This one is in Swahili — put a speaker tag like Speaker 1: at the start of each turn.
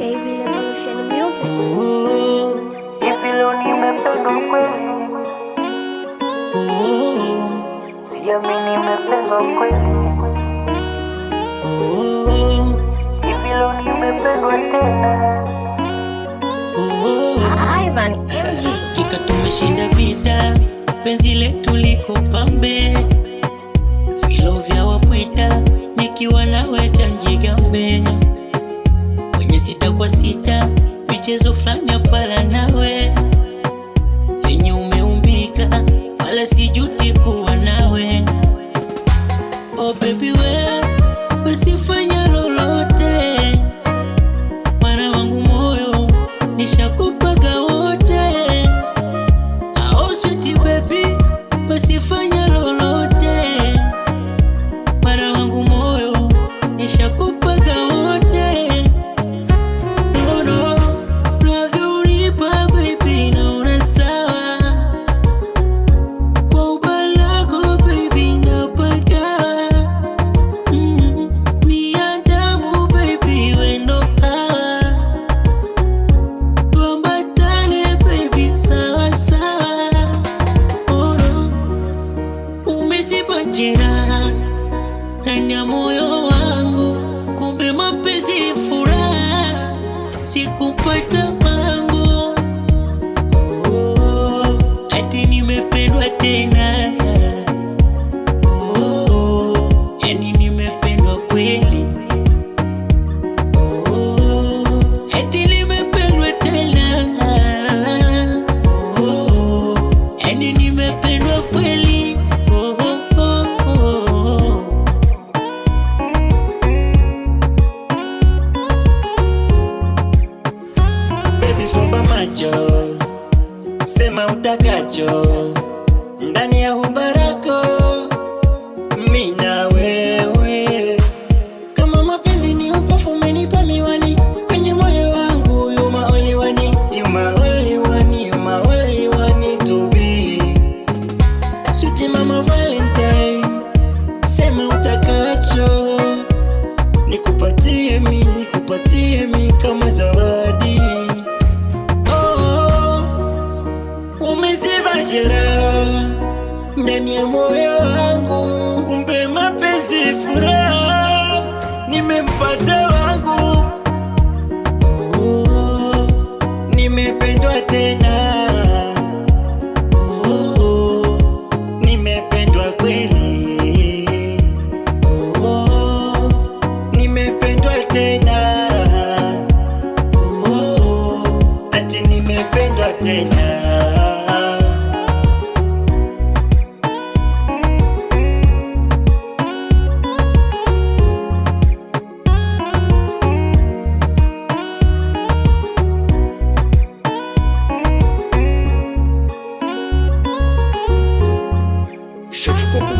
Speaker 1: KB Revolution Music.
Speaker 2: Kika tumeshinda vita, penzi letu liko pambe pala nawe venye umeumbika, wala sijuti kuwa nawe oh baby Sitaki kupata mango, oh, ati nimependwa tena unacho, sema utakacho ndani ya hubarako, mimi na wewe. Kama mapenzi ni upofu, umenipa miwani kwenye moyo wangu, Yuma oliwani, yuma oliwani, yuma oliwani to be. suti mama Valentine, sema utakacho nikupatie mimi ndani ya moyo wangu, kumbe mapenzi furaha nimempata wangu, oh, nimependwa tena oh, nimependwa kweli oh, nimependwa tena oh, ati nimependwa tena বিশ্বাস করতে